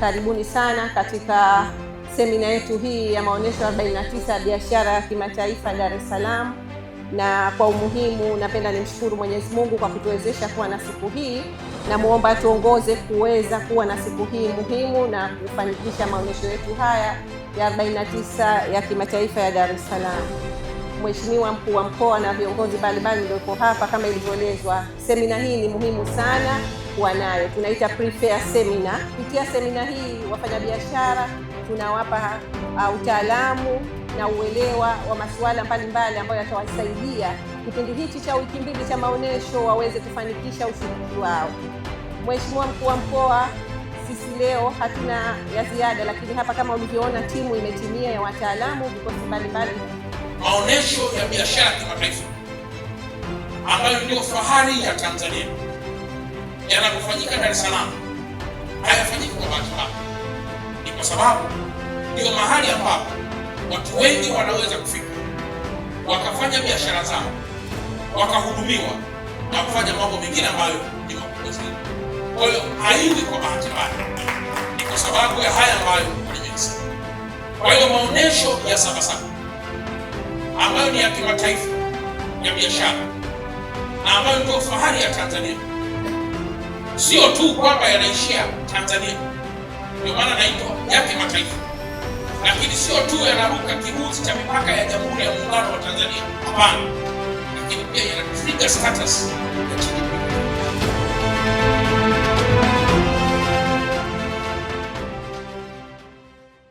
Karibuni sana katika semina yetu hii ya maonyesho 49 ya biashara ya kimataifa Dar es Salaam. Na kwa umuhimu, napenda nimshukuru Mwenyezi Mungu kwa kutuwezesha kuwa na siku hii, na muomba tuongoze kuweza kuwa na siku hii muhimu na kufanikisha maonyesho yetu haya ya 49 ya kimataifa ya Dar es Salaam. Mheshimiwa mkuu wa mkoa na viongozi mbalimbali ndio hapa, kama ilivyoelezwa, semina hii ni muhimu sana kuwa nayo tunaita prepare seminar. Kupitia semina hii, wafanyabiashara tunawapa uh, utaalamu na uelewa wa masuala mbalimbali ambayo yatawasaidia kipindi hichi cha wiki mbili cha maonyesho waweze kufanikisha ushiriki wao. Mheshimiwa Mkuu wa Mkoa, sisi leo hatuna ya ziada, lakini hapa kama ulivyoona timu imetimia ya wataalamu, vikosi mbalimbali. Maonyesho ya biashara kimataifa ambayo ndio fahari ya Tanzania yanapofanyika Dar es Salaam hayafanyiki kwa bahati mbaya. Ni kwa sababu ndio mahali ambapo watu wengi wanaweza kufika wakafanya biashara zao wakahudumiwa na kufanya mambo mengine ambayo ni makubwa zaidi. Kwa hiyo haili kwa bahati mbaya, ni kwa sababu ya haya ambayo nimeyasema. Kwa hiyo maonesho ya Sabasaba ambayo ni ya kimataifa ya biashara na ambayo ndio fahari ya Tanzania sio tu kwamba yanaishia Tanzania, ndio maana naitwa ya kimataifa, lakini sio tu yanaruka kiruzi cha mipaka ya Jamhuri ya Muungano wa Tanzania, hapana, lakini pia yanatwiga status ya